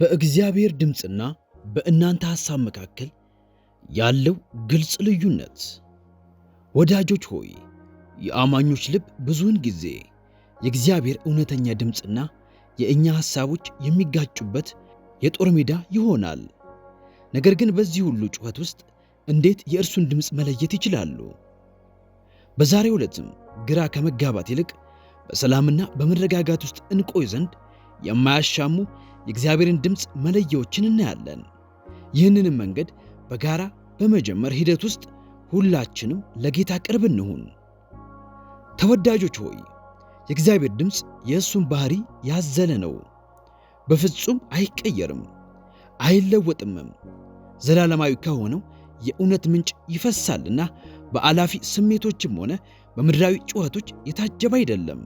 በእግዚአብሔር ድምፅና በእናንተ ሐሳብ መካከል ያለው ግልጽ ልዩነት። ወዳጆች ሆይ የአማኞች ልብ ብዙውን ጊዜ የእግዚአብሔር እውነተኛ ድምፅና የእኛ ሐሳቦች የሚጋጩበት የጦር ሜዳ ይሆናል። ነገር ግን በዚህ ሁሉ ጩኸት ውስጥ እንዴት የእርሱን ድምፅ መለየት ይችላሉ? በዛሬው ዕለትም ግራ ከመጋባት ይልቅ በሰላምና በመረጋጋት ውስጥ እንቆይ ዘንድ የማያሻሙ የእግዚአብሔርን ድምፅ መለያዎችን እናያለን። ይህንንም መንገድ በጋራ በመጀመር ሂደት ውስጥ ሁላችንም ለጌታ ቅርብ እንሁን። ተወዳጆች ሆይ የእግዚአብሔር ድምፅ የእሱን ባህሪ ያዘለ ነው። በፍጹም አይቀየርም፣ አይለወጥምም። ዘላለማዊ ከሆነው የእውነት ምንጭ ይፈሳልና በአላፊ ስሜቶችም ሆነ በምድራዊ ጩኸቶች የታጀበ አይደለም።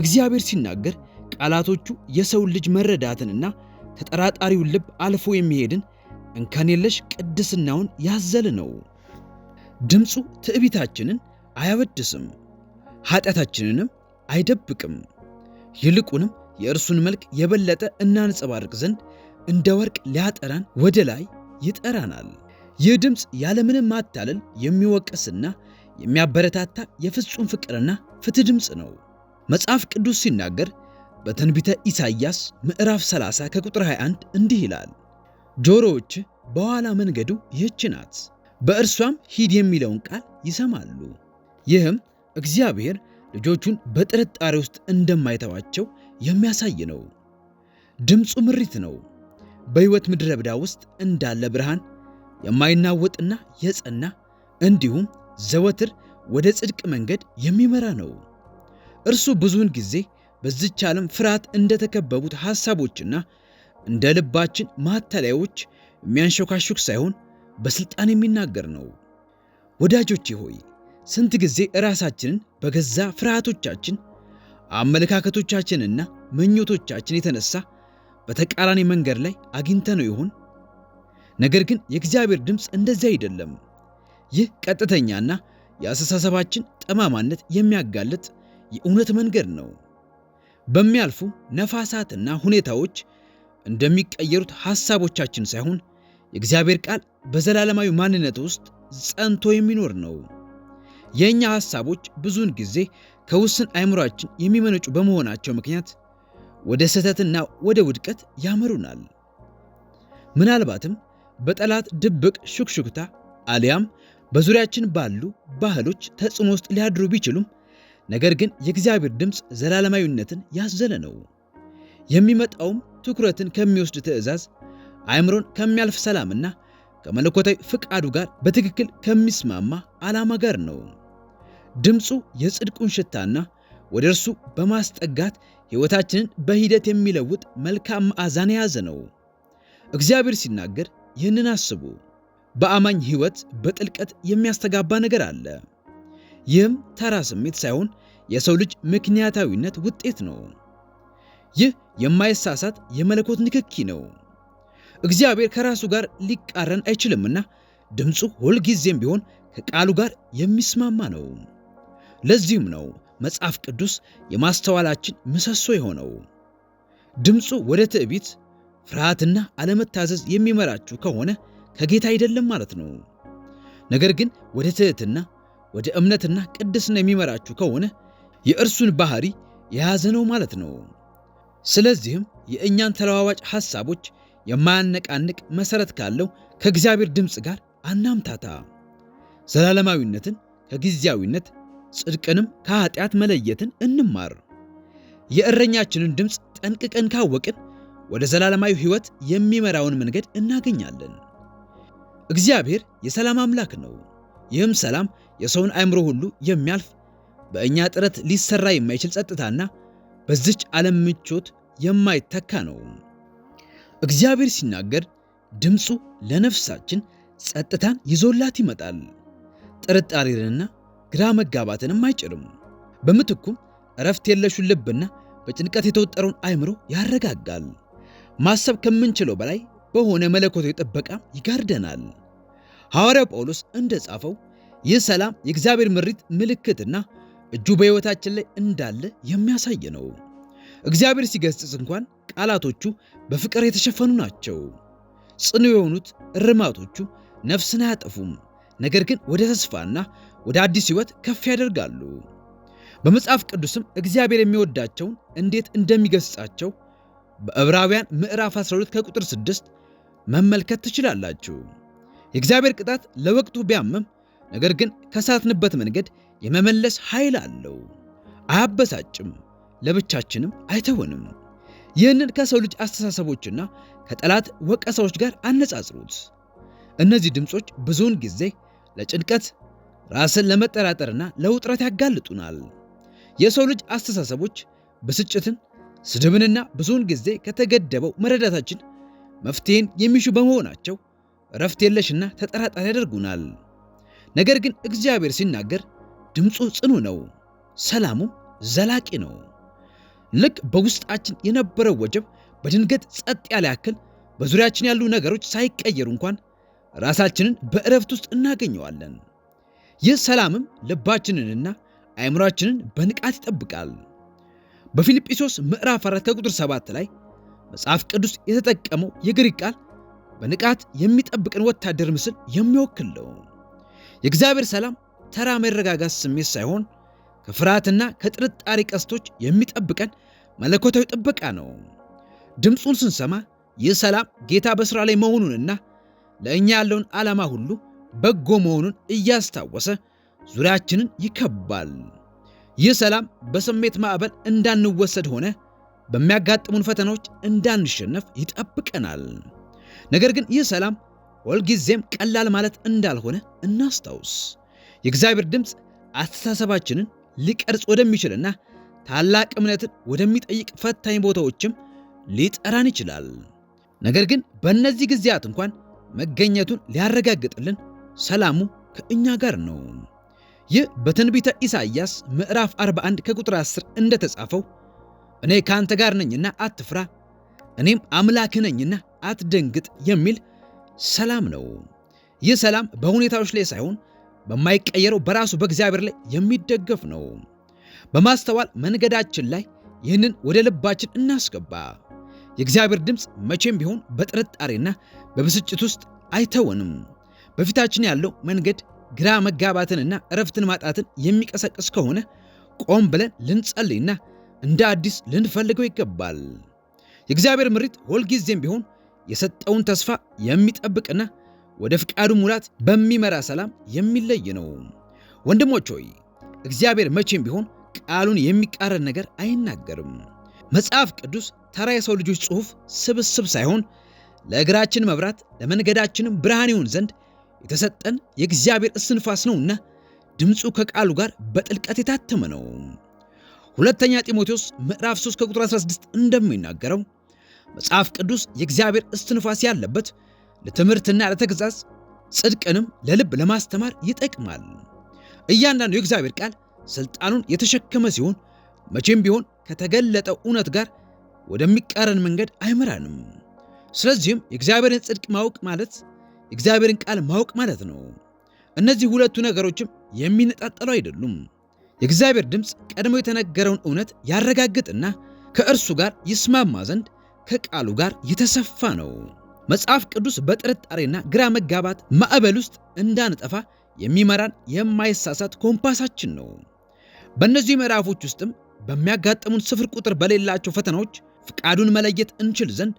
እግዚአብሔር ሲናገር ቃላቶቹ የሰውን ልጅ መረዳትንና ተጠራጣሪውን ልብ አልፎ የሚሄድን እንከን የለሽ ቅድስናውን ያዘለ ነው። ድምፁ ትዕቢታችንን አያወድስም፣ ኃጢአታችንንም አይደብቅም። ይልቁንም የእርሱን መልክ የበለጠ እናንጸባርቅ ዘንድ እንደ ወርቅ ሊያጠራን ወደ ላይ ይጠራናል። ይህ ድምፅ ያለምንም ማታለል የሚወቅስና የሚያበረታታ የፍጹም ፍቅርና ፍትህ ድምፅ ነው። መጽሐፍ ቅዱስ ሲናገር በትንቢተ ኢሳይያስ ምዕራፍ 30 ከቁጥር 21 እንዲህ ይላል፣ ጆሮዎች በኋላ መንገዱ ይህች ናት፣ በእርሷም ሂድ የሚለውን ቃል ይሰማሉ። ይህም እግዚአብሔር ልጆቹን በጥርጣሬ ውስጥ እንደማይተዋቸው የሚያሳይ ነው። ድምፁ ምሪት ነው፣ በሕይወት ምድረ በዳ ውስጥ እንዳለ ብርሃን፣ የማይናወጥና የጸና እንዲሁም ዘወትር ወደ ጽድቅ መንገድ የሚመራ ነው። እርሱ ብዙውን ጊዜ በዚች ዓለም ፍርሃት እንደተከበቡት ሐሳቦችና እንደ ልባችን ማተለያዎች የሚያንሾካሹክ ሳይሆን በሥልጣን የሚናገር ነው። ወዳጆቼ ሆይ ስንት ጊዜ ራሳችንን በገዛ ፍርሃቶቻችን፣ አመለካከቶቻችንና ምኞቶቻችን የተነሳ በተቃራኒ መንገድ ላይ አግኝተ ነው ይሆን? ነገር ግን የእግዚአብሔር ድምፅ እንደዚህ አይደለም። ይህ ቀጥተኛና የአስተሳሰባችን ጠማማነት የሚያጋልጥ የእውነት መንገድ ነው። በሚያልፉ ነፋሳትና ሁኔታዎች እንደሚቀየሩት ሐሳቦቻችን ሳይሆን የእግዚአብሔር ቃል በዘላለማዊ ማንነት ውስጥ ጸንቶ የሚኖር ነው። የእኛ ሐሳቦች ብዙውን ጊዜ ከውስን አይምሮአችን የሚመነጩ በመሆናቸው ምክንያት ወደ ስህተትና ወደ ውድቀት ያመሩናል። ምናልባትም በጠላት ድብቅ ሹክሹክታ አሊያም በዙሪያችን ባሉ ባህሎች ተጽዕኖ ውስጥ ሊያድሩ ቢችሉም ነገር ግን የእግዚአብሔር ድምፅ ዘላለማዊነትን ያዘለ ነው። የሚመጣውም ትኩረትን ከሚወስድ ትእዛዝ፣ አእምሮን ከሚያልፍ ሰላምና ከመለኮታዊ ፍቃዱ ጋር በትክክል ከሚስማማ ዓላማ ጋር ነው። ድምፁ የጽድቁን ሽታና ወደ እርሱ በማስጠጋት ሕይወታችንን በሂደት የሚለውጥ መልካም መዓዛን የያዘ ነው። እግዚአብሔር ሲናገር ይህንን አስቡ። በአማኝ ሕይወት በጥልቀት የሚያስተጋባ ነገር አለ። ይህም ተራ ስሜት ሳይሆን የሰው ልጅ ምክንያታዊነት ውጤት ነው። ይህ የማይሳሳት የመለኮት ንክኪ ነው። እግዚአብሔር ከራሱ ጋር ሊቃረን አይችልምና ድምፁ ሁልጊዜም ቢሆን ከቃሉ ጋር የሚስማማ ነው። ለዚህም ነው መጽሐፍ ቅዱስ የማስተዋላችን ምሰሶ የሆነው። ድምፁ ወደ ትዕቢት፣ ፍርሃትና አለመታዘዝ የሚመራችሁ ከሆነ ከጌታ አይደለም ማለት ነው። ነገር ግን ወደ ትሕትና ወደ እምነትና ቅድስና የሚመራችሁ ከሆነ የእርሱን ባህሪ የያዘ ነው ማለት ነው። ስለዚህም የእኛን ተለዋዋጭ ሐሳቦች የማያነቃንቅ መሠረት ካለው ከእግዚአብሔር ድምፅ ጋር አናምታታ። ዘላለማዊነትን ከጊዜያዊነት ጽድቅንም ከኃጢአት መለየትን እንማር። የእረኛችንን ድምፅ ጠንቅቀን ካወቅን ወደ ዘላለማዊ ሕይወት የሚመራውን መንገድ እናገኛለን። እግዚአብሔር የሰላም አምላክ ነው። ይህም ሰላም የሰውን አእምሮ ሁሉ የሚያልፍ በእኛ ጥረት ሊሰራ የማይችል ጸጥታና በዚች ዓለም ምቾት የማይተካ ነው። እግዚአብሔር ሲናገር ድምፁ ለነፍሳችን ጸጥታን ይዞላት ይመጣል። ጥርጣሬንና ግራ መጋባትንም አይጭርም። በምትኩም እረፍት የለሹን ልብና በጭንቀት የተወጠረውን አእምሮ ያረጋጋል። ማሰብ ከምንችለው በላይ በሆነ መለኮታዊ ጥበቃ ይጋርደናል። ሐዋርያው ጳውሎስ እንደጻፈው ይህ ሰላም የእግዚአብሔር ምሪት ምልክትና እጁ በሕይወታችን ላይ እንዳለ የሚያሳይ ነው። እግዚአብሔር ሲገስጽ እንኳን ቃላቶቹ በፍቅር የተሸፈኑ ናቸው። ጽኑ የሆኑት እርማቶቹ ነፍስን አያጠፉም፣ ነገር ግን ወደ ተስፋና ወደ አዲስ ሕይወት ከፍ ያደርጋሉ። በመጽሐፍ ቅዱስም እግዚአብሔር የሚወዳቸውን እንዴት እንደሚገስጻቸው በዕብራውያን ምዕራፍ 12 ከቁጥር 6 መመልከት ትችላላችሁ። የእግዚአብሔር ቅጣት ለወቅቱ ቢያምም፣ ነገር ግን ከሳትንበት መንገድ የመመለስ ኃይል አለው። አያበሳጭም፣ ለብቻችንም አይተውንም። ይህንን ከሰው ልጅ አስተሳሰቦችና ከጠላት ወቀሳዎች ጋር አነጻጽሩት። እነዚህ ድምፆች ብዙውን ጊዜ ለጭንቀት፣ ራስን ለመጠራጠርና ለውጥረት ያጋልጡናል። የሰው ልጅ አስተሳሰቦች ብስጭትን፣ ስድብንና ብዙውን ጊዜ ከተገደበው መረዳታችን መፍትሄን የሚሹ በመሆናቸው እረፍት የለሽና ተጠራጣሪ ያደርጉናል። ነገር ግን እግዚአብሔር ሲናገር ድምፁ ጽኑ ነው፣ ሰላሙም ዘላቂ ነው። ልክ በውስጣችን የነበረው ወጀብ በድንገት ጸጥ ያለ ያክል በዙሪያችን ያሉ ነገሮች ሳይቀየሩ እንኳን ራሳችንን በእረፍት ውስጥ እናገኘዋለን። ይህ ሰላምም ልባችንንና አእምሯችንን በንቃት ይጠብቃል። በፊልጵስዩስ ምዕራፍ 4 ከቁጥር 7 ላይ መጽሐፍ ቅዱስ የተጠቀመው የግሪክ ቃል በንቃት የሚጠብቅን ወታደር ምስል የሚወክል ነው። የእግዚአብሔር ሰላም ተራ መረጋጋት ስሜት ሳይሆን ከፍርሃትና ከጥርጣሬ ቀስቶች የሚጠብቀን መለኮታዊ ጥበቃ ነው። ድምፁን ስንሰማ ይህ ሰላም ጌታ በሥራ ላይ መሆኑንና ለእኛ ያለውን ዓላማ ሁሉ በጎ መሆኑን እያስታወሰ ዙሪያችንን ይከባል። ይህ ሰላም በስሜት ማዕበል እንዳንወሰድ ሆነ በሚያጋጥሙን ፈተናዎች እንዳንሸነፍ ይጠብቀናል። ነገር ግን ይህ ሰላም ሁልጊዜም ቀላል ማለት እንዳልሆነ እናስታውስ። የእግዚአብሔር ድምፅ አስተሳሰባችንን ሊቀርጽ ወደሚችልና ታላቅ እምነትን ወደሚጠይቅ ፈታኝ ቦታዎችም ሊጠራን ይችላል። ነገር ግን በእነዚህ ጊዜያት እንኳን መገኘቱን ሊያረጋግጥልን ሰላሙ ከእኛ ጋር ነው። ይህ በትንቢተ ኢሳይያስ ምዕራፍ 41 ከቁጥር 10 እንደተጻፈው እኔ ከአንተ ጋር ነኝና አትፍራ፣ እኔም አምላክ ነኝና አትደንግጥ የሚል ሰላም ነው። ይህ ሰላም በሁኔታዎች ላይ ሳይሆን በማይቀየረው በራሱ በእግዚአብሔር ላይ የሚደገፍ ነው። በማስተዋል መንገዳችን ላይ ይህንን ወደ ልባችን እናስገባ። የእግዚአብሔር ድምፅ መቼም ቢሆን በጥርጣሬና በብስጭት ውስጥ አይተወንም። በፊታችን ያለው መንገድ ግራ መጋባትንና እረፍትን ማጣትን የሚቀሰቅስ ከሆነ ቆም ብለን ልንጸልይና እንደ አዲስ ልንፈልገው ይገባል። የእግዚአብሔር ምሪት ሁልጊዜም ቢሆን የሰጠውን ተስፋ የሚጠብቅና ወደ ፍቃዱ ሙላት በሚመራ ሰላም የሚለይ ነው። ወንድሞች ሆይ እግዚአብሔር መቼም ቢሆን ቃሉን የሚቃረን ነገር አይናገርም። መጽሐፍ ቅዱስ ተራ የሰው ልጆች ጽሑፍ ስብስብ ሳይሆን ለእግራችን መብራት ለመንገዳችንም ብርሃን ይሆን ዘንድ የተሰጠን የእግዚአብሔር እስንፋስ ነውና ድምፁ ከቃሉ ጋር በጥልቀት የታተመ ነው። ሁለተኛ ጢሞቴዎስ ምዕራፍ 3 ከቁጥር 16 እንደሚናገረው መጽሐፍ ቅዱስ የእግዚአብሔር እስትንፋስ ያለበት ለትምህርትና ለተግዛዝ ጽድቅንም ለልብ ለማስተማር ይጠቅማል። እያንዳንዱ የእግዚአብሔር ቃል ሥልጣኑን የተሸከመ ሲሆን መቼም ቢሆን ከተገለጠው እውነት ጋር ወደሚቃረን መንገድ አይመራንም። ስለዚህም የእግዚአብሔርን ጽድቅ ማወቅ ማለት የእግዚአብሔርን ቃል ማወቅ ማለት ነው። እነዚህ ሁለቱ ነገሮችም የሚነጣጠሉ አይደሉም። የእግዚአብሔር ድምፅ ቀድሞ የተነገረውን እውነት ያረጋግጥና ከእርሱ ጋር ይስማማ ዘንድ ከቃሉ ጋር የተሰፋ ነው። መጽሐፍ ቅዱስ በጥርጣሬና ግራ መጋባት ማዕበል ውስጥ እንዳንጠፋ የሚመራን የማይሳሳት ኮምፓሳችን ነው። በእነዚህ ምዕራፎች ውስጥም በሚያጋጥሙን ስፍር ቁጥር በሌላቸው ፈተናዎች ፍቃዱን መለየት እንችል ዘንድ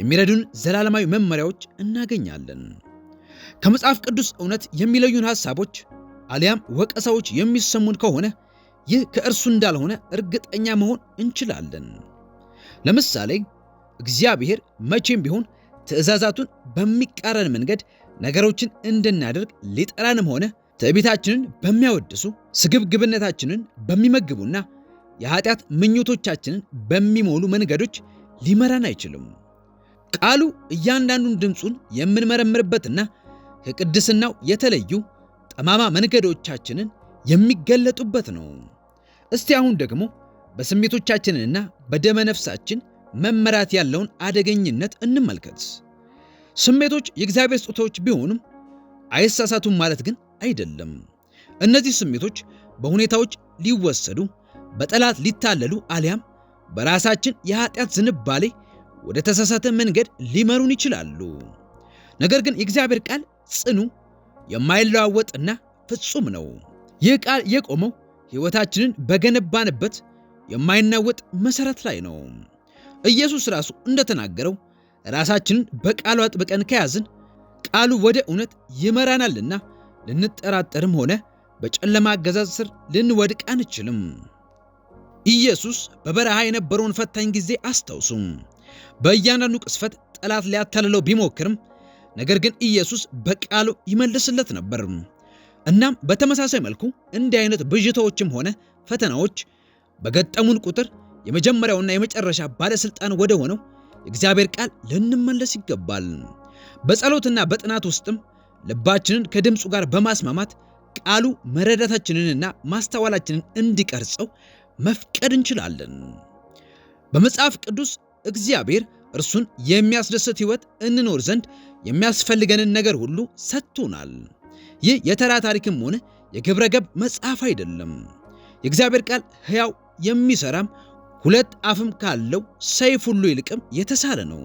የሚረዱን ዘላለማዊ መመሪያዎች እናገኛለን። ከመጽሐፍ ቅዱስ እውነት የሚለዩን ሐሳቦች አሊያም ወቀሳዎች የሚሰሙን ከሆነ ይህ ከእርሱ እንዳልሆነ እርግጠኛ መሆን እንችላለን። ለምሳሌ እግዚአብሔር መቼም ቢሆን ትእዛዛቱን በሚቃረን መንገድ ነገሮችን እንድናደርግ ሊጠራንም ሆነ ትዕቢታችንን በሚያወድሱ ስግብግብነታችንን በሚመግቡና የኃጢአት ምኞቶቻችንን በሚሞሉ መንገዶች ሊመራን አይችልም። ቃሉ እያንዳንዱን ድምፁን የምንመረምርበትና ከቅድስናው የተለዩ ጠማማ መንገዶቻችንን የሚገለጡበት ነው። እስቲ አሁን ደግሞ በስሜቶቻችንና በደመ ነፍሳችን መመራት ያለውን አደገኝነት እንመልከት። ስሜቶች የእግዚአብሔር ስጦታዎች ቢሆኑም አይሳሳቱም ማለት ግን አይደለም። እነዚህ ስሜቶች በሁኔታዎች ሊወሰዱ፣ በጠላት ሊታለሉ አሊያም በራሳችን የኃጢአት ዝንባሌ ወደ ተሳሳተ መንገድ ሊመሩን ይችላሉ። ነገር ግን የእግዚአብሔር ቃል ጽኑ፣ የማይለዋወጥና ፍጹም ነው። ይህ ቃል የቆመው ሕይወታችንን በገነባንበት የማይናወጥ መሠረት ላይ ነው። ኢየሱስ ራሱ እንደተናገረው ራሳችንን በቃሉ አጥብቀን ከያዝን ቃሉ ወደ እውነት ይመራናልና ልንጠራጠርም ሆነ በጨለማ አገዛዝ ስር ልንወድቅ አንችልም። ኢየሱስ በበረሃ የነበረውን ፈታኝ ጊዜ አስታውሱ። በእያንዳንዱ ቅስፈት ጠላት ሊያታልለው ቢሞክርም ነገር ግን ኢየሱስ በቃሉ ይመልስለት ነበር። እናም በተመሳሳይ መልኩ እንዲህ አይነት ብዥታዎችም ሆነ ፈተናዎች በገጠሙን ቁጥር የመጀመሪያውና የመጨረሻ ባለስልጣን ወደ ሆነው የእግዚአብሔር ቃል ልንመለስ ይገባል። በጸሎትና በጥናት ውስጥም ልባችንን ከድምፁ ጋር በማስማማት ቃሉ መረዳታችንንና ማስተዋላችንን እንዲቀርጸው መፍቀድ እንችላለን። በመጽሐፍ ቅዱስ እግዚአብሔር እርሱን የሚያስደስት ሕይወት እንኖር ዘንድ የሚያስፈልገንን ነገር ሁሉ ሰጥቶናል። ይህ የተራ ታሪክም ሆነ የግብረ ገብ መጽሐፍ አይደለም። የእግዚአብሔር ቃል ሕያው የሚሰራም ሁለት አፍም ካለው ሰይፍ ሁሉ ይልቅም የተሳለ ነው።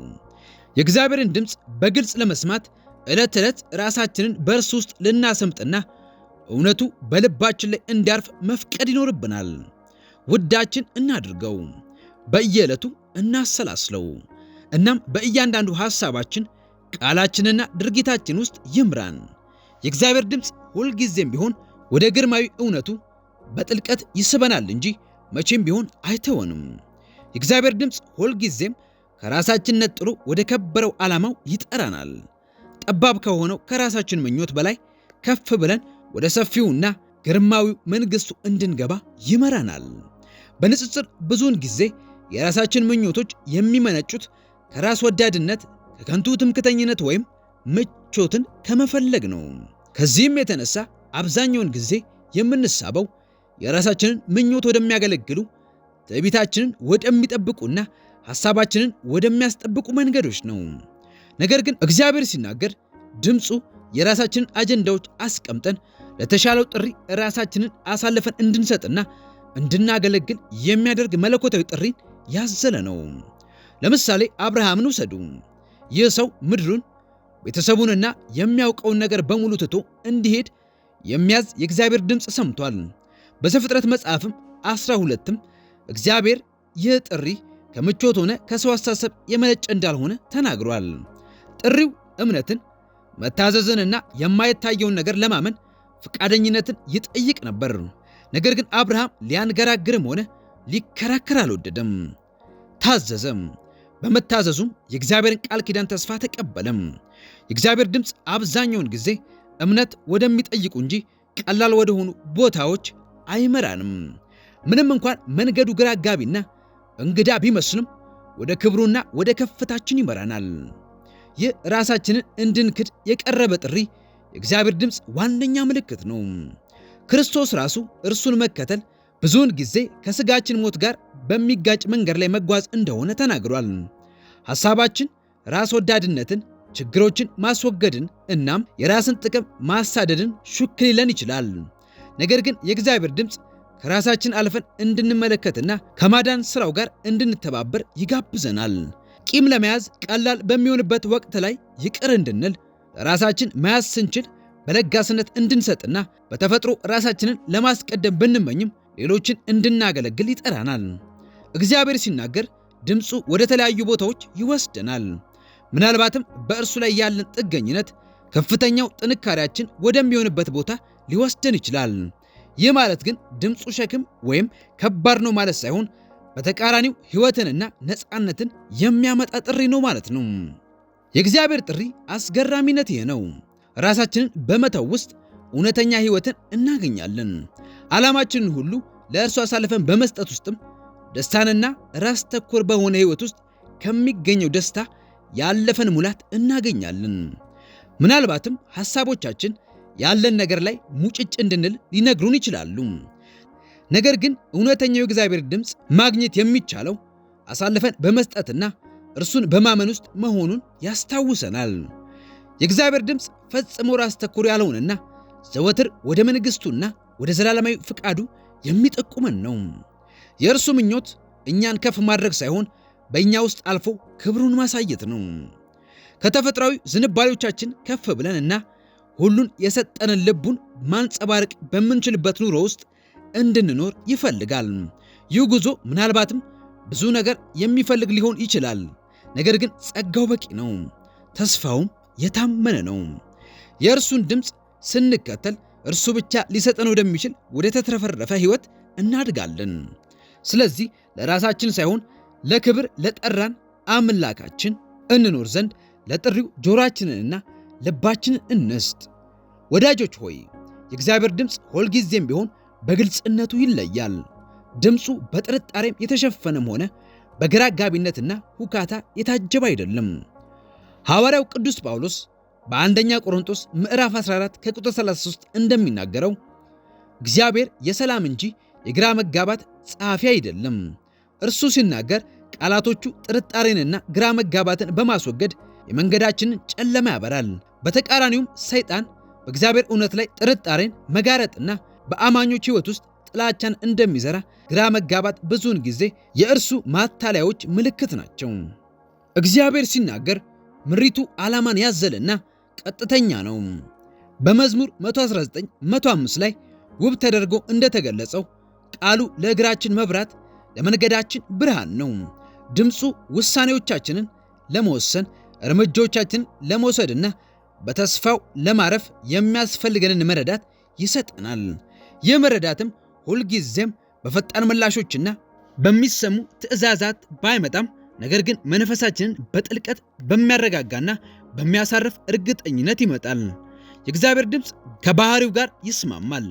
የእግዚአብሔርን ድምፅ በግልጽ ለመስማት ዕለት ዕለት ራሳችንን በእርሱ ውስጥ ልናሰምጥና እውነቱ በልባችን ላይ እንዲያርፍ መፍቀድ ይኖርብናል። ውዳችን እናድርገው፣ በየዕለቱ እናሰላስለው። እናም በእያንዳንዱ ሐሳባችን፣ ቃላችንና ድርጊታችን ውስጥ ይምራን። የእግዚአብሔር ድምፅ ሁልጊዜም ቢሆን ወደ ግርማዊ እውነቱ በጥልቀት ይስበናል እንጂ መቼም ቢሆን አይተወንም። የእግዚአብሔር ድምፅ ሁልጊዜም ከራሳችን ነጥሎ ወደ ከበረው ዓላማው ይጠራናል። ጠባብ ከሆነው ከራሳችን ምኞት በላይ ከፍ ብለን ወደ ሰፊውና ግርማዊው መንግሥቱ እንድንገባ ይመራናል። በንጽጽር ብዙውን ጊዜ የራሳችን ምኞቶች የሚመነጩት ከራስ ወዳድነት፣ ከከንቱ ትምክተኝነት ወይም ምቾትን ከመፈለግ ነው። ከዚህም የተነሳ አብዛኛውን ጊዜ የምንሳበው የራሳችንን ምኞት ወደሚያገለግሉ ትዕቢታችንን ወደሚጠብቁና ሐሳባችንን ወደሚያስጠብቁ መንገዶች ነው። ነገር ግን እግዚአብሔር ሲናገር ድምፁ የራሳችንን አጀንዳዎች አስቀምጠን ለተሻለው ጥሪ ራሳችንን አሳልፈን እንድንሰጥና እንድናገለግል የሚያደርግ መለኮታዊ ጥሪን ያዘለ ነው። ለምሳሌ አብርሃምን ውሰዱ። ይህ ሰው ምድሩን ቤተሰቡንና የሚያውቀውን ነገር በሙሉ ትቶ እንዲሄድ የሚያዝ የእግዚአብሔር ድምፅ ሰምቷል። በዘፍጥረት መጽሐፍም 12 ሁለትም እግዚአብሔር ይህ ጥሪ ከምቾት ሆነ ከሰው አሳሰብ የመነጨ እንዳልሆነ ተናግሯል። ጥሪው እምነትን፣ መታዘዝንና የማይታየውን ነገር ለማመን ፈቃደኝነትን ይጠይቅ ነበር። ነገር ግን አብርሃም ሊያንገራግርም ሆነ ሊከራከር አልወደደም። ታዘዘም። በመታዘዙም የእግዚአብሔርን ቃል ኪዳን ተስፋ ተቀበለም። የእግዚአብሔር ድምፅ አብዛኛውን ጊዜ እምነት ወደሚጠይቁ እንጂ ቀላል ወደሆኑ ቦታዎች አይመራንም። ምንም እንኳን መንገዱ ግራ አጋቢና እንግዳ ቢመስልም ወደ ክብሩና ወደ ከፍታችን ይመራናል። ይህ ራሳችንን እንድንክድ የቀረበ ጥሪ የእግዚአብሔር ድምፅ ዋነኛ ምልክት ነው። ክርስቶስ ራሱ እርሱን መከተል ብዙውን ጊዜ ከስጋችን ሞት ጋር በሚጋጭ መንገድ ላይ መጓዝ እንደሆነ ተናግሯል። ሐሳባችን ራስ ወዳድነትን፣ ችግሮችን ማስወገድን እናም የራስን ጥቅም ማሳደድን ሹክ ሊለን ይችላል። ነገር ግን የእግዚአብሔር ድምፅ ከራሳችን አልፈን እንድንመለከትና ከማዳን ስራው ጋር እንድንተባበር ይጋብዘናል። ቂም ለመያዝ ቀላል በሚሆንበት ወቅት ላይ ይቅር እንድንል፣ ራሳችን መያዝ ስንችል በለጋስነት እንድንሰጥና በተፈጥሮ ራሳችንን ለማስቀደም ብንመኝም ሌሎችን እንድናገለግል ይጠራናል። እግዚአብሔር ሲናገር ድምፁ ወደ ተለያዩ ቦታዎች ይወስደናል። ምናልባትም በእርሱ ላይ ያለን ጥገኝነት ከፍተኛው ጥንካሬያችን ወደሚሆንበት ቦታ ሊወስደን ይችላል። ይህ ማለት ግን ድምፁ ሸክም ወይም ከባድ ነው ማለት ሳይሆን በተቃራኒው ሕይወትንና ነፃነትን የሚያመጣ ጥሪ ነው ማለት ነው። የእግዚአብሔር ጥሪ አስገራሚነት ይህ ነው። ራሳችንን በመተው ውስጥ እውነተኛ ሕይወትን እናገኛለን። ዓላማችንን ሁሉ ለእርሱ አሳልፈን በመስጠት ውስጥም ደስታንና ራስ ተኮር በሆነ ሕይወት ውስጥ ከሚገኘው ደስታ ያለፈን ሙላት እናገኛለን። ምናልባትም ሐሳቦቻችን ያለን ነገር ላይ ሙጭጭ እንድንል ሊነግሩን ይችላሉ። ነገር ግን እውነተኛው የእግዚአብሔር ድምፅ ማግኘት የሚቻለው አሳልፈን በመስጠትና እርሱን በማመን ውስጥ መሆኑን ያስታውሰናል። የእግዚአብሔር ድምፅ ፈጽሞ ራስ ተኮር ያለውንና ዘወትር ወደ መንግሥቱና ወደ ዘላለማዊ ፍቃዱ የሚጠቁመን ነው። የእርሱ ምኞት እኛን ከፍ ማድረግ ሳይሆን በእኛ ውስጥ አልፎ ክብሩን ማሳየት ነው። ከተፈጥሯዊ ዝንባሌዎቻችን ከፍ ብለንና ሁሉን የሰጠንን ልቡን ማንጸባረቅ በምንችልበት ኑሮ ውስጥ እንድንኖር ይፈልጋል። ይህ ጉዞ ምናልባትም ብዙ ነገር የሚፈልግ ሊሆን ይችላል። ነገር ግን ጸጋው በቂ ነው፣ ተስፋውም የታመነ ነው። የእርሱን ድምፅ ስንከተል እርሱ ብቻ ሊሰጠን ወደሚችል ወደ ተትረፈረፈ ሕይወት እናድጋለን። ስለዚህ ለራሳችን ሳይሆን ለክብር ለጠራን አምላካችን እንኖር ዘንድ ለጥሪው ጆሮአችንንና ልባችን እንስጥ። ወዳጆች ሆይ የእግዚአብሔር ድምፅ ሁልጊዜም ቢሆን በግልጽነቱ ይለያል። ድምፁ በጥርጣሬም የተሸፈነም ሆነ በግራ ጋቢነትና ሁካታ የታጀበ አይደለም። ሐዋርያው ቅዱስ ጳውሎስ በአንደኛ ቆሮንቶስ ምዕራፍ 14 ከቁጥር 33 እንደሚናገረው እግዚአብሔር የሰላም እንጂ የግራ መጋባት ጸሐፊ አይደለም። እርሱ ሲናገር ቃላቶቹ ጥርጣሬንና ግራ መጋባትን በማስወገድ የመንገዳችንን ጨለማ ያበራል፣ በተቃራኒውም ሰይጣን በእግዚአብሔር እውነት ላይ ጥርጣሬን መጋረጥና በአማኞች ሕይወት ውስጥ ጥላቻን እንደሚዘራ ግራ መጋባት ብዙውን ጊዜ የእርሱ ማታለያዎች ምልክት ናቸው። እግዚአብሔር ሲናገር ምሪቱ ዓላማን ያዘለና ቀጥተኛ ነው። በመዝሙር 119 105 ላይ ውብ ተደርጎ እንደተገለጸው ቃሉ ለእግራችን መብራት፣ ለመንገዳችን ብርሃን ነው። ድምፁ ውሳኔዎቻችንን ለመወሰን እርምጃዎቻችንን ለመውሰድና በተስፋው ለማረፍ የሚያስፈልገንን መረዳት ይሰጠናል። ይህ መረዳትም ሁልጊዜም በፈጣን ምላሾችና በሚሰሙ ትዕዛዛት ባይመጣም ነገር ግን መንፈሳችንን በጥልቀት በሚያረጋጋና በሚያሳርፍ እርግጠኝነት ይመጣል። የእግዚአብሔር ድምፅ ከባህሪው ጋር ይስማማል።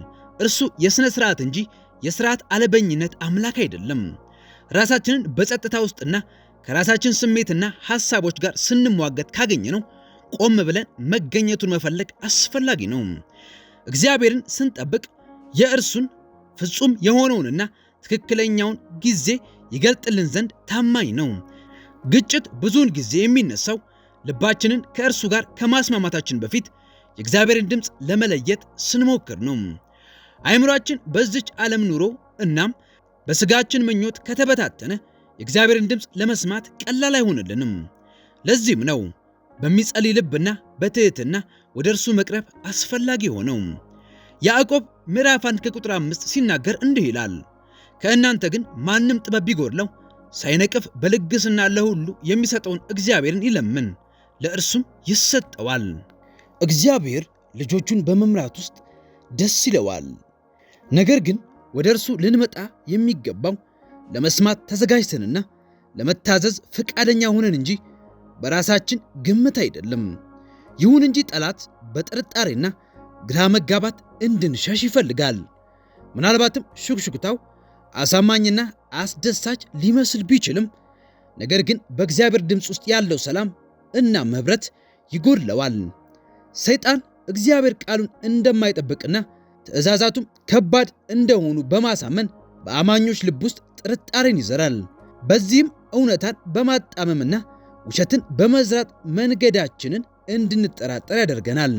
እርሱ የሥነ ሥርዓት እንጂ የሥርዓት አለበኝነት አምላክ አይደለም። ራሳችንን በጸጥታ ውስጥና ከራሳችን ስሜትና ሐሳቦች ጋር ስንሟገት ካገኘ ነው ቆም ብለን መገኘቱን መፈለግ አስፈላጊ ነው። እግዚአብሔርን ስንጠብቅ የእርሱን ፍጹም የሆነውንና ትክክለኛውን ጊዜ ይገልጥልን ዘንድ ታማኝ ነው። ግጭት ብዙውን ጊዜ የሚነሳው ልባችንን ከእርሱ ጋር ከማስማማታችን በፊት የእግዚአብሔርን ድምፅ ለመለየት ስንሞክር ነው። አይምሯችን በዚች ዓለም ኑሮ እናም በስጋችን ምኞት ከተበታተነ የእግዚአብሔርን ድምፅ ለመስማት ቀላል አይሆንልንም። ለዚህም ነው በሚጸልይ ልብና በትህትና ወደ እርሱ መቅረብ አስፈላጊ ሆነው። ያዕቆብ ምዕራፍ 1 ከቁጥር 5 ሲናገር እንዲህ ይላል፣ ከእናንተ ግን ማንም ጥበብ ቢጎድለው ሳይነቅፍ በልግስና ለሁሉ የሚሰጠውን እግዚአብሔርን ይለምን፣ ለእርሱም ይሰጠዋል። እግዚአብሔር ልጆቹን በመምራት ውስጥ ደስ ይለዋል። ነገር ግን ወደ እርሱ ልንመጣ የሚገባው ለመስማት ተዘጋጅተንና ለመታዘዝ ፈቃደኛ ሆነን እንጂ በራሳችን ግምት አይደለም። ይሁን እንጂ ጠላት በጥርጣሬና ግራ መጋባት እንድንሸሽ ይፈልጋል። ምናልባትም ሹክሹክታው አሳማኝና አስደሳች ሊመስል ቢችልም ነገር ግን በእግዚአብሔር ድምፅ ውስጥ ያለው ሰላም እና መብረት ይጎድለዋል። ሰይጣን እግዚአብሔር ቃሉን እንደማይጠብቅና ትእዛዛቱም ከባድ እንደሆኑ በማሳመን በአማኞች ልብ ውስጥ ጥርጣሬን ይዘራል። በዚህም እውነታን በማጣመምና ውሸትን በመዝራት መንገዳችንን እንድንጠራጠር ያደርገናል።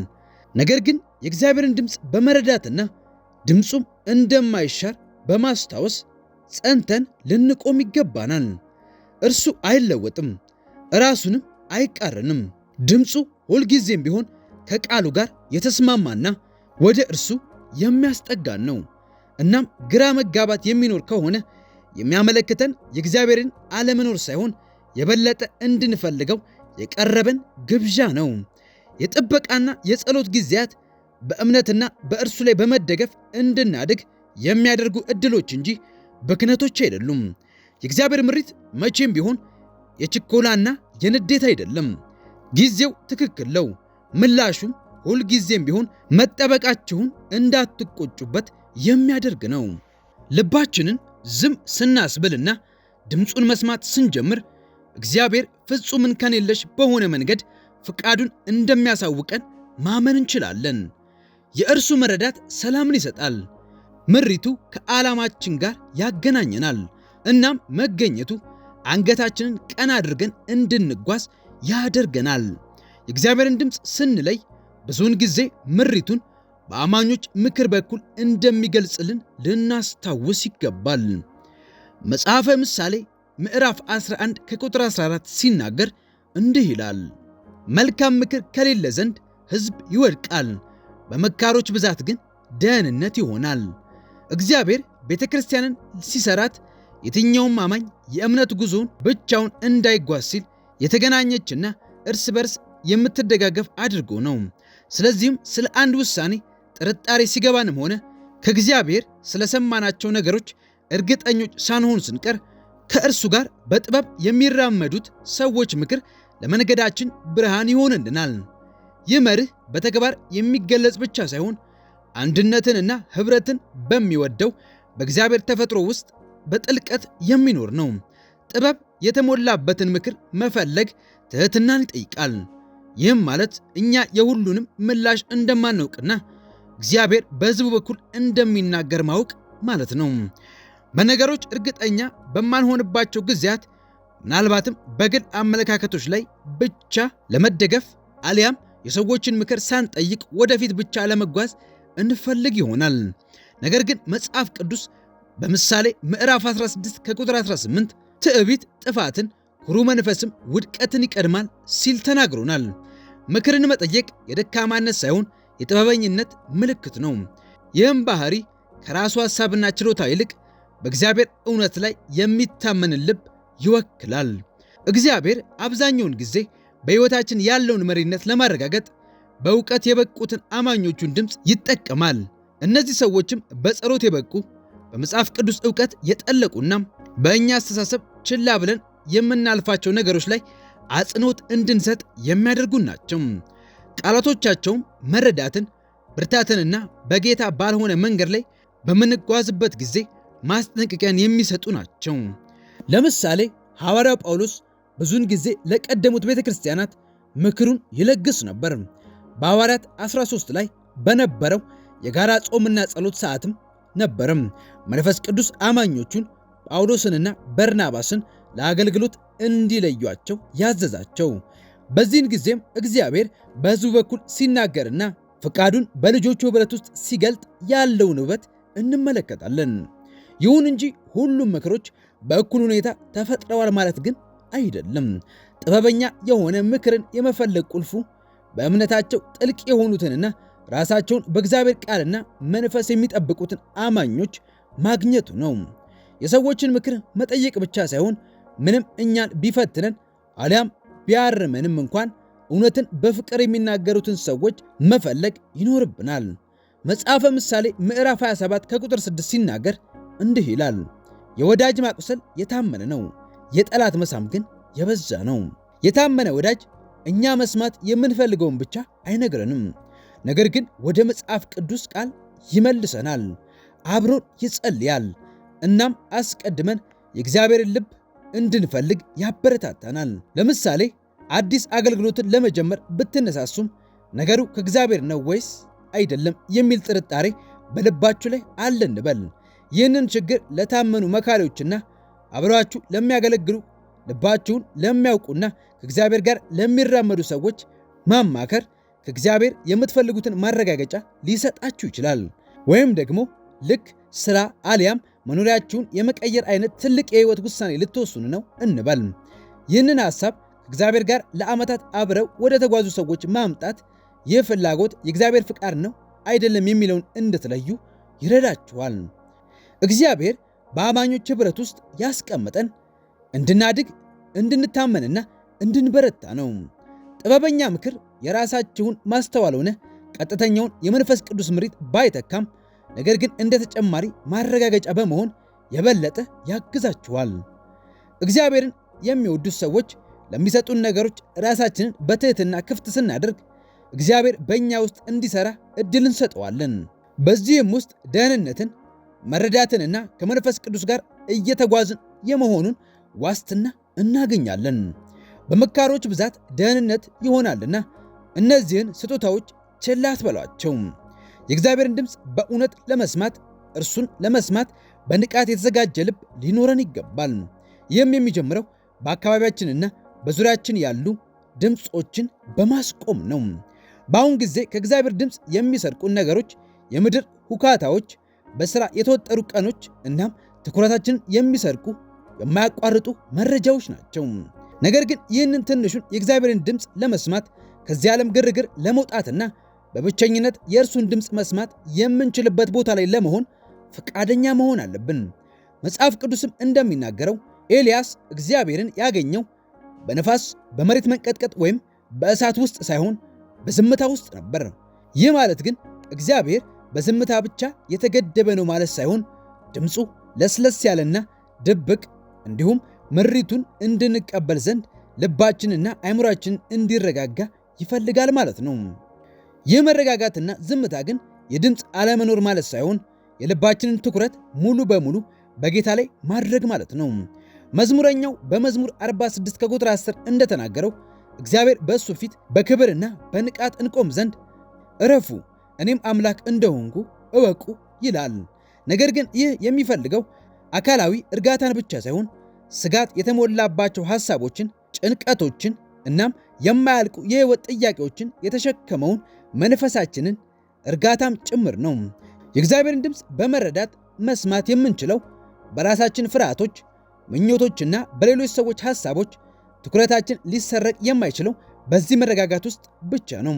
ነገር ግን የእግዚአብሔርን ድምፅ በመረዳትና ድምፁም እንደማይሻር በማስታወስ ጸንተን ልንቆም ይገባናል። እርሱ አይለወጥም፣ ራሱንም አይቃረንም። ድምፁ ሁልጊዜም ቢሆን ከቃሉ ጋር የተስማማና ወደ እርሱ የሚያስጠጋን ነው። እናም ግራ መጋባት የሚኖር ከሆነ የሚያመለክተን የእግዚአብሔርን አለመኖር ሳይሆን የበለጠ እንድንፈልገው የቀረበን ግብዣ ነው። የጥበቃና የጸሎት ጊዜያት በእምነትና በእርሱ ላይ በመደገፍ እንድናድግ የሚያደርጉ እድሎች እንጂ ብክነቶች አይደሉም። የእግዚአብሔር ምሪት መቼም ቢሆን የችኮላና የንዴት አይደለም። ጊዜው ትክክል ነው። ምላሹም ሁልጊዜም ቢሆን መጠበቃችሁን እንዳትቆጩበት የሚያደርግ ነው። ልባችንን ዝም ስናስብልና ድምፁን መስማት ስንጀምር እግዚአብሔር ፍጹም እንከን የለሽ በሆነ መንገድ ፍቃዱን እንደሚያሳውቀን ማመን እንችላለን። የእርሱ መረዳት ሰላምን ይሰጣል። ምሪቱ ከዓላማችን ጋር ያገናኘናል። እናም መገኘቱ አንገታችንን ቀና አድርገን እንድንጓዝ ያደርገናል። የእግዚአብሔርን ድምፅ ስንለይ ብዙውን ጊዜ ምሪቱን በአማኞች ምክር በኩል እንደሚገልጽልን ልናስታውስ ይገባል። መጽሐፈ ምሳሌ ምዕራፍ 11 ከቁጥር 14 ሲናገር እንዲህ ይላል፣ መልካም ምክር ከሌለ ዘንድ ሕዝብ ይወድቃል፣ በመካሮች ብዛት ግን ደህንነት ይሆናል። እግዚአብሔር ቤተ ክርስቲያንን ሲሰራት የትኛውም አማኝ የእምነት ጉዞውን ብቻውን እንዳይጓዝ ሲል የተገናኘችና እርስ በርስ የምትደጋገፍ አድርጎ ነው። ስለዚህም ስለ አንድ ውሳኔ ጥርጣሬ ሲገባንም ሆነ ከእግዚአብሔር ስለሰማናቸው ነገሮች እርግጠኞች ሳንሆን ስንቀር ከእርሱ ጋር በጥበብ የሚራመዱት ሰዎች ምክር ለመንገዳችን ብርሃን ይሆንልናል። ይህ መርህ በተግባር የሚገለጽ ብቻ ሳይሆን አንድነትንና ኅብረትን በሚወደው በእግዚአብሔር ተፈጥሮ ውስጥ በጥልቀት የሚኖር ነው። ጥበብ የተሞላበትን ምክር መፈለግ ትሕትናን ይጠይቃል። ይህም ማለት እኛ የሁሉንም ምላሽ እንደማናውቅና እግዚአብሔር በሕዝቡ በኩል እንደሚናገር ማወቅ ማለት ነው። በነገሮች እርግጠኛ በማንሆንባቸው ጊዜያት ምናልባትም በግል አመለካከቶች ላይ ብቻ ለመደገፍ አሊያም የሰዎችን ምክር ሳንጠይቅ ወደፊት ብቻ ለመጓዝ እንፈልግ ይሆናል። ነገር ግን መጽሐፍ ቅዱስ በምሳሌ ምዕራፍ 16 ከቁጥር 18 ትዕቢት ጥፋትን፣ ኩሩ መንፈስም ውድቀትን ይቀድማል ሲል ተናግሮናል። ምክርን መጠየቅ የደካማነት ሳይሆን የጥበበኝነት ምልክት ነው። ይህም ባህሪ ከራሱ ሀሳብና ችሎታ ይልቅ በእግዚአብሔር እውነት ላይ የሚታመንን ልብ ይወክላል። እግዚአብሔር አብዛኛውን ጊዜ በሕይወታችን ያለውን መሪነት ለማረጋገጥ በእውቀት የበቁትን አማኞቹን ድምፅ ይጠቀማል። እነዚህ ሰዎችም በጸሎት የበቁ በመጽሐፍ ቅዱስ እውቀት የጠለቁና በእኛ አስተሳሰብ ችላ ብለን የምናልፋቸው ነገሮች ላይ አጽንኦት እንድንሰጥ የሚያደርጉ ናቸው። ቃላቶቻቸውም መረዳትን፣ ብርታትንና በጌታ ባልሆነ መንገድ ላይ በምንጓዝበት ጊዜ ማስጠንቀቂያን የሚሰጡ ናቸው። ለምሳሌ ሐዋርያው ጳውሎስ ብዙውን ጊዜ ለቀደሙት ቤተ ክርስቲያናት ምክሩን ይለግስ ነበር። በሐዋርያት 13 ላይ በነበረው የጋራ ጾምና ጸሎት ሰዓትም ነበርም መንፈስ ቅዱስ አማኞቹን ጳውሎስንና በርናባስን ለአገልግሎት እንዲለዩቸው ያዘዛቸው። በዚህን ጊዜም እግዚአብሔር በሕዝቡ በኩል ሲናገርና ፍቃዱን በልጆቹ ኅብረት ውስጥ ሲገልጥ ያለውን ውበት እንመለከታለን። ይሁን እንጂ ሁሉም ምክሮች በእኩል ሁኔታ ተፈጥረዋል ማለት ግን አይደለም። ጥበበኛ የሆነ ምክርን የመፈለግ ቁልፉ በእምነታቸው ጥልቅ የሆኑትንና ራሳቸውን በእግዚአብሔር ቃልና መንፈስ የሚጠብቁትን አማኞች ማግኘቱ ነው። የሰዎችን ምክር መጠየቅ ብቻ ሳይሆን ምንም እኛን ቢፈትነን አሊያም ቢያርመንም እንኳን እውነትን በፍቅር የሚናገሩትን ሰዎች መፈለግ ይኖርብናል። መጽሐፈ ምሳሌ ምዕራፍ 27 ከቁጥር 6 ሲናገር እንዲህ ይላል፣ የወዳጅ ማቁሰል የታመነ ነው፣ የጠላት መሳም ግን የበዛ ነው። የታመነ ወዳጅ እኛ መስማት የምንፈልገውን ብቻ አይነግረንም፣ ነገር ግን ወደ መጽሐፍ ቅዱስ ቃል ይመልሰናል፣ አብሮን ይጸልያል። እናም አስቀድመን የእግዚአብሔርን ልብ እንድንፈልግ ያበረታታናል። ለምሳሌ አዲስ አገልግሎትን ለመጀመር ብትነሳሱም ነገሩ ከእግዚአብሔር ነው ወይስ አይደለም የሚል ጥርጣሬ በልባችሁ ላይ አለ እንበል። ይህንን ችግር ለታመኑ መካሪዎችና አብረዋችሁ ለሚያገለግሉ ልባችሁን ለሚያውቁና ከእግዚአብሔር ጋር ለሚራመዱ ሰዎች ማማከር ከእግዚአብሔር የምትፈልጉትን ማረጋገጫ ሊሰጣችሁ ይችላል። ወይም ደግሞ ልክ ስራ አሊያም መኖሪያችሁን የመቀየር አይነት ትልቅ የህይወት ውሳኔ ልትወስኑ ነው እንበል። ይህንን ሐሳብ ከእግዚአብሔር ጋር ለዓመታት አብረው ወደ ተጓዙ ሰዎች ማምጣት ይህ ፍላጎት የእግዚአብሔር ፍቃድ ነው አይደለም የሚለውን እንድትለዩ ይረዳችኋል። እግዚአብሔር በአማኞች ኅብረት ውስጥ ያስቀመጠን እንድናድግ እንድንታመንና እንድንበረታ ነው። ጥበበኛ ምክር የራሳችሁን ማስተዋል ሆነ ቀጥተኛውን የመንፈስ ቅዱስ ምሪት ባይተካም፣ ነገር ግን እንደ ተጨማሪ ማረጋገጫ በመሆን የበለጠ ያግዛችኋል። እግዚአብሔርን የሚወዱት ሰዎች ለሚሰጡን ነገሮች ራሳችንን በትሕትና ክፍት ስናደርግ እግዚአብሔር በእኛ ውስጥ እንዲሠራ ዕድል እንሰጠዋለን። በዚህም ውስጥ ደህንነትን መረዳትንና ከመንፈስ ቅዱስ ጋር እየተጓዝን የመሆኑን ዋስትና እናገኛለን። በመካሮች ብዛት ደህንነት ይሆናልና እነዚህን ስጦታዎች ችላ አትበሏቸው። የእግዚአብሔርን ድምፅ በእውነት ለመስማት እርሱን ለመስማት በንቃት የተዘጋጀ ልብ ሊኖረን ይገባል። ይህም የሚጀምረው በአካባቢያችንና በዙሪያችን ያሉ ድምፆችን በማስቆም ነው። በአሁን ጊዜ ከእግዚአብሔር ድምፅ የሚሰርቁን ነገሮች፣ የምድር ሁካታዎች በስራ የተወጠሩ ቀኖች እናም ትኩረታችን የሚሰርቁ የማያቋርጡ መረጃዎች ናቸው። ነገር ግን ይህንን ትንሹን የእግዚአብሔርን ድምፅ ለመስማት ከዚህ ዓለም ግርግር ለመውጣትና በብቸኝነት የእርሱን ድምፅ መስማት የምንችልበት ቦታ ላይ ለመሆን ፈቃደኛ መሆን አለብን። መጽሐፍ ቅዱስም እንደሚናገረው ኤልያስ እግዚአብሔርን ያገኘው በነፋስ በመሬት መንቀጥቀጥ ወይም በእሳት ውስጥ ሳይሆን በዝምታ ውስጥ ነበር። ይህ ማለት ግን እግዚአብሔር በዝምታ ብቻ የተገደበ ነው ማለት ሳይሆን ድምፁ ለስለስ ያለና ድብቅ እንዲሁም ምሪቱን እንድንቀበል ዘንድ ልባችንና አይምሯችን እንዲረጋጋ ይፈልጋል ማለት ነው። ይህ መረጋጋትና ዝምታ ግን የድምፅ አለመኖር ማለት ሳይሆን የልባችንን ትኩረት ሙሉ በሙሉ በጌታ ላይ ማድረግ ማለት ነው። መዝሙረኛው በመዝሙር 46 ከቁጥር 10 እንደተናገረው እግዚአብሔር በእሱ ፊት በክብርና በንቃት እንቆም ዘንድ እረፉ እኔም አምላክ እንደሆንኩ እወቁ ይላል። ነገር ግን ይህ የሚፈልገው አካላዊ እርጋታን ብቻ ሳይሆን ስጋት የተሞላባቸው ሐሳቦችን፣ ጭንቀቶችን እናም የማያልቁ የህይወት ጥያቄዎችን የተሸከመውን መንፈሳችንን እርጋታም ጭምር ነው። የእግዚአብሔርን ድምፅ በመረዳት መስማት የምንችለው በራሳችን ፍርሃቶች፣ ምኞቶችና በሌሎች ሰዎች ሐሳቦች ትኩረታችን ሊሰረቅ የማይችለው በዚህ መረጋጋት ውስጥ ብቻ ነው።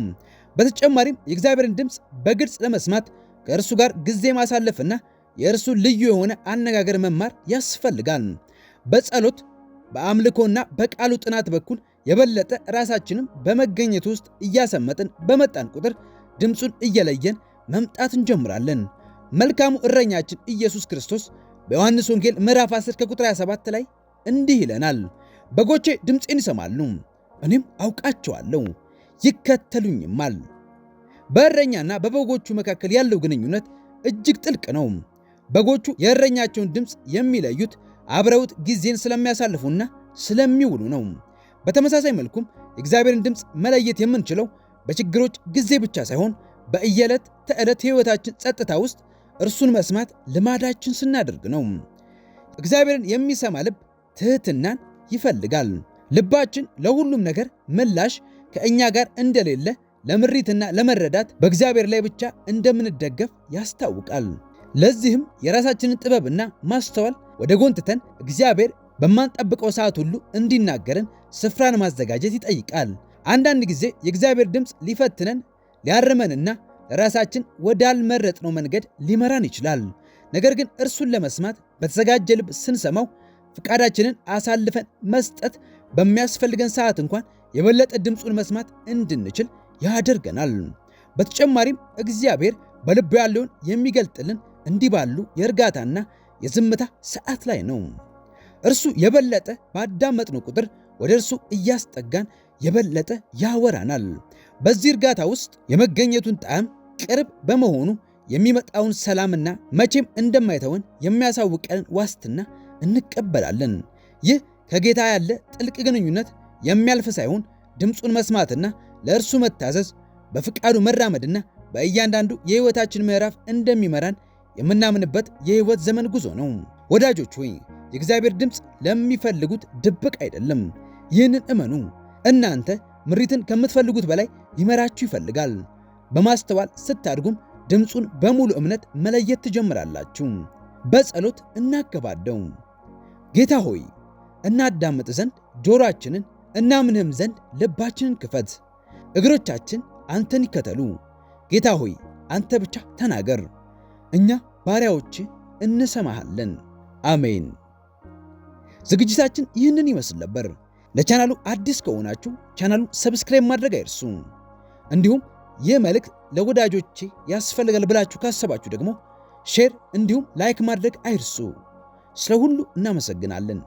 በተጨማሪም የእግዚአብሔርን ድምፅ በግልጽ ለመስማት ከእርሱ ጋር ጊዜ ማሳለፍና የእርሱ ልዩ የሆነ አነጋገር መማር ያስፈልጋል። በጸሎት በአምልኮና በቃሉ ጥናት በኩል የበለጠ ራሳችንም በመገኘት ውስጥ እያሰመጥን በመጣን ቁጥር ድምፁን እየለየን መምጣት እንጀምራለን። መልካሙ እረኛችን ኢየሱስ ክርስቶስ በዮሐንስ ወንጌል ምዕራፍ 10 ከቁጥር 27 ላይ እንዲህ ይለናል፣ በጎቼ ድምፄን ይሰማሉ፣ እኔም አውቃቸዋለሁ ይከተሉኝማል። በእረኛና በበጎቹ መካከል ያለው ግንኙነት እጅግ ጥልቅ ነው። በጎቹ የእረኛቸውን ድምፅ የሚለዩት አብረውት ጊዜን ስለሚያሳልፉና ስለሚውሉ ነው። በተመሳሳይ መልኩም የእግዚአብሔርን ድምፅ መለየት የምንችለው በችግሮች ጊዜ ብቻ ሳይሆን በእየለት ተዕለት ሕይወታችን ጸጥታ ውስጥ እርሱን መስማት ልማዳችን ስናደርግ ነው። እግዚአብሔርን የሚሰማ ልብ ትሕትናን ይፈልጋል። ልባችን ለሁሉም ነገር ምላሽ ከእኛ ጋር እንደሌለ ለምሪትና ለመረዳት በእግዚአብሔር ላይ ብቻ እንደምንደገፍ ያስታውቃል። ለዚህም የራሳችንን ጥበብና ማስተዋል ወደ ጎን ትተን እግዚአብሔር በማንጠብቀው ሰዓት ሁሉ እንዲናገረን ስፍራን ማዘጋጀት ይጠይቃል። አንዳንድ ጊዜ የእግዚአብሔር ድምፅ ሊፈትነን፣ ሊያርመንና ለራሳችን ወዳልመረጥነው መንገድ ሊመራን ይችላል። ነገር ግን እርሱን ለመስማት በተዘጋጀ ልብ ስንሰማው ፍቃዳችንን አሳልፈን መስጠት በሚያስፈልገን ሰዓት እንኳን የበለጠ ድምፁን መስማት እንድንችል ያደርገናል። በተጨማሪም እግዚአብሔር በልብ ያለውን የሚገልጥልን እንዲህ ባሉ የእርጋታና የዝምታ ሰዓት ላይ ነው። እርሱ የበለጠ ባዳመጥነው ቁጥር ወደ እርሱ እያስጠጋን የበለጠ ያወራናል። በዚህ እርጋታ ውስጥ የመገኘቱን ጣዕም ቅርብ በመሆኑ የሚመጣውን ሰላምና መቼም እንደማይተውን የሚያሳውቀን ዋስትና እንቀበላለን። ይህ ከጌታ ያለ ጥልቅ ግንኙነት የሚያልፍ ሳይሆን ድምፁን መስማትና ለእርሱ መታዘዝ፣ በፍቃዱ መራመድና በእያንዳንዱ የሕይወታችን ምዕራፍ እንደሚመራን የምናምንበት የሕይወት ዘመን ጉዞ ነው። ወዳጆች ሆይ የእግዚአብሔር ድምፅ ለሚፈልጉት ድብቅ አይደለም። ይህንን እመኑ። እናንተ ምሪትን ከምትፈልጉት በላይ ሊመራችሁ ይፈልጋል። በማስተዋል ስታድጉም ድምፁን በሙሉ እምነት መለየት ትጀምራላችሁ። በጸሎት እናገባደው። ጌታ ሆይ እናዳምጥ ዘንድ ጆሮአችንን እናምንህም ዘንድ ልባችንን ክፈት፣ እግሮቻችን አንተን ይከተሉ። ጌታ ሆይ አንተ ብቻ ተናገር፣ እኛ ባሪያዎች እንሰማሃለን። አሜን። ዝግጅታችን ይህንን ይመስል ነበር። ለቻናሉ አዲስ ከሆናችሁ ቻናሉ ሰብስክራይብ ማድረግ አይርሱ። እንዲሁም ይህ መልእክት ለወዳጆቼ ያስፈልጋል ብላችሁ ካሰባችሁ ደግሞ ሼር እንዲሁም ላይክ ማድረግ አይርሱ። ስለ ሁሉ እናመሰግናለን።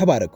ተባረኩ።